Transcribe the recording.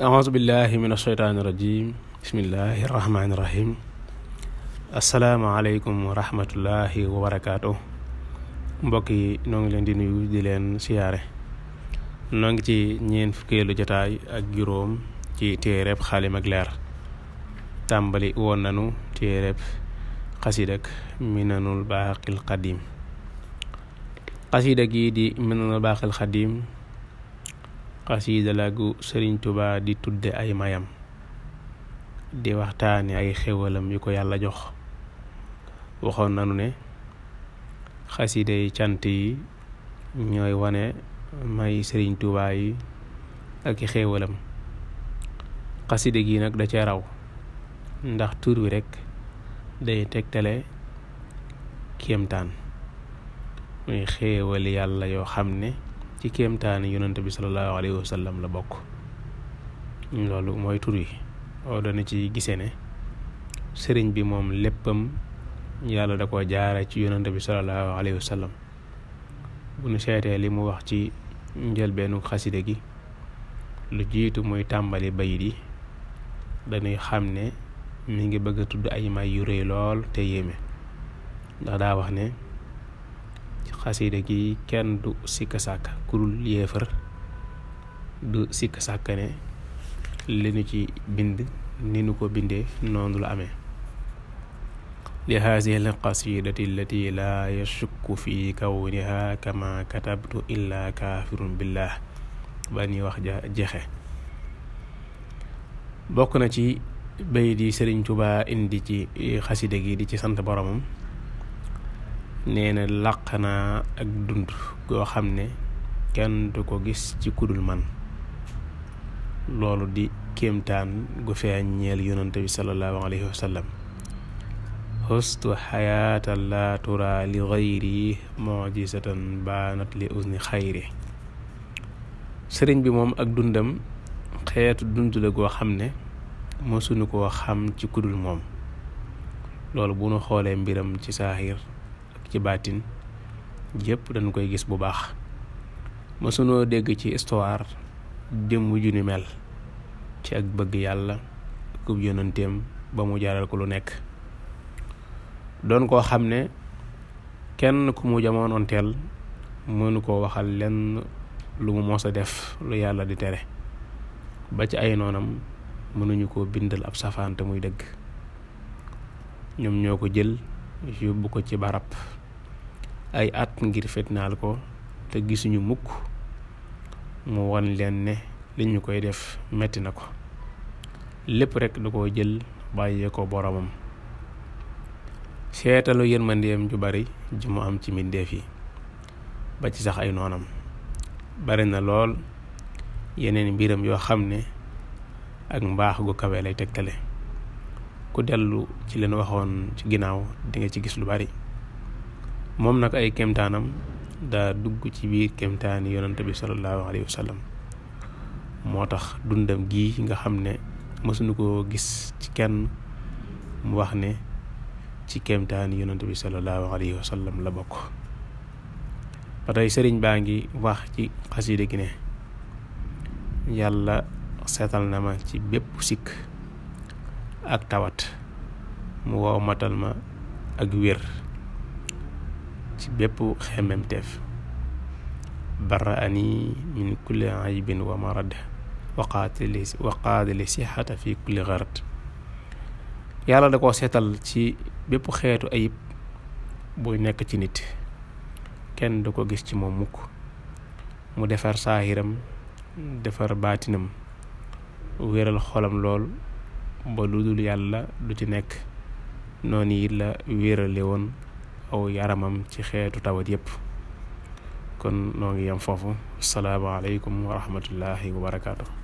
auzu billahi min asheytaani irajim bismillahi irrahmaani irrahim asalaamaaleykum wa rahmatullahi yi noo ngi leen di nuyu di leen siyaare noo ci ñeen fukkeelu jotaay ak juróom ci téereb xaalim ak tàmbali woon nanu téereb xasidak minanul baaqil xadim xasida gi di minanul baaqil xadim xasiida la gu sëriñ tubaa di tudde ay mayam di waxtaane ay xéwalam yu ko yàlla jox waxoon nanu ne xaside cant yi ñooy wane may sëriñ tubaa yi ak i xéewalam gi nag da cee raw ndax tur wi rekk day tegtale kéemtaan muy xéewali yàlla yoo xam ne ci kéemtaani yonent bi salallaahu alayhi wa sallam la bokk loolu mooy tur oo dana ci gise ne sëriñ bi moom léppam yàlla da ko jaare ci yonent bi salallaahu alayhi wa sallam bu nu seetee li mu wax ci njëlbeenu xaside gi lu jiitu muy tàmbali bayit yi dañuy xam ne mi ngi bëgg a tudd ay may yu rëy lool te yéeme ndax daa wax ne xasida gi kenn du sikk sàkk ku dul yéefar du sikk sàkk ne li nu ci bind ni nu ko bindee noonu la amee li haadihi al qasidati allati laa yashukku fi kawniha kama katabtu illa kaafirun ba ñuy wax ja jeexe bokk na ci bayit yi Sëriñ Tuubaa indi ci xasida gi di ci sant boromam nee na ak dund goo xam ne kenn du ko gis ci kudul man loolu di kéemtaan gu feeñ ñeel yonante bi sallallahu alayhi wa sallam xustu xayaatan xayri mojisatan baanat li usni xayri sëriñ bi moom ak dundam xeetu dund la goo xam ne mësuñu koo xam ci kudul moom loolu bu nu xoolee mbiram ci saaxiir ci baatin yépp dañu koy gis bu baax mësunoo dégg ci histoire démb ju ni mel ci ak bëgg yàlla kub yonanteem ba mu jaaral ko lu nekk doon koo xam ne kenn ku mu jamononteel mënu koo waxal lenn lu mu mos a def lu yàlla di tere ba ci ay noonam mënuñu koo bindal ab safaan te muy dégg ñoom ñoo ko jël yóbbu ko ci barab ay at ngir fitnaal ko te gisuñu mukk mu won leen ne lañu koy def metti na ko lépp rekk da ko jël bàyyee ko boromam seetalu yërmandeem ju bari ji mu am ci mbindeef yi ba ci sax ay noonam bari na lool yeneen mbiram yoo xam ne ak mbaax gu kawe lay tegtale ku dellu ci leen waxoon ci ginnaaw dinga ci gis lu bari moom nag ay kemtaanam daa dugg ci biir kemtaani yonante bi sallallahu alayhi wa sallam moo tax dundam gii nga xam ne mësuñu koo gis ci kenn mu wax ne ci kemtaani yonante bi sallallahu alayhi wa sallam la bokk ba sëriñ baa ngi wax ci xasida gi ne yàlla seetal na ma ci bépp sikk ak tawat mu woomatal ma ak wér ci bépp xemmemteef baraani min kulli aybin wa marad waqaatili waqaadili sixata fi kulli xarat yàlla da koo seetal ci bépp xeetu ayib buy nekk ci nit kenn du ko gis ci moom mukk mu defar saahiram defar baatinam wéral xolam lool ba lu dul yàlla du ci nekk noonu it la wérale woon aw yaramam ci xeetu tawat yépp kon noo ngi yem foofu salaamaaleykum wa rahmatullahi wa barakaatu.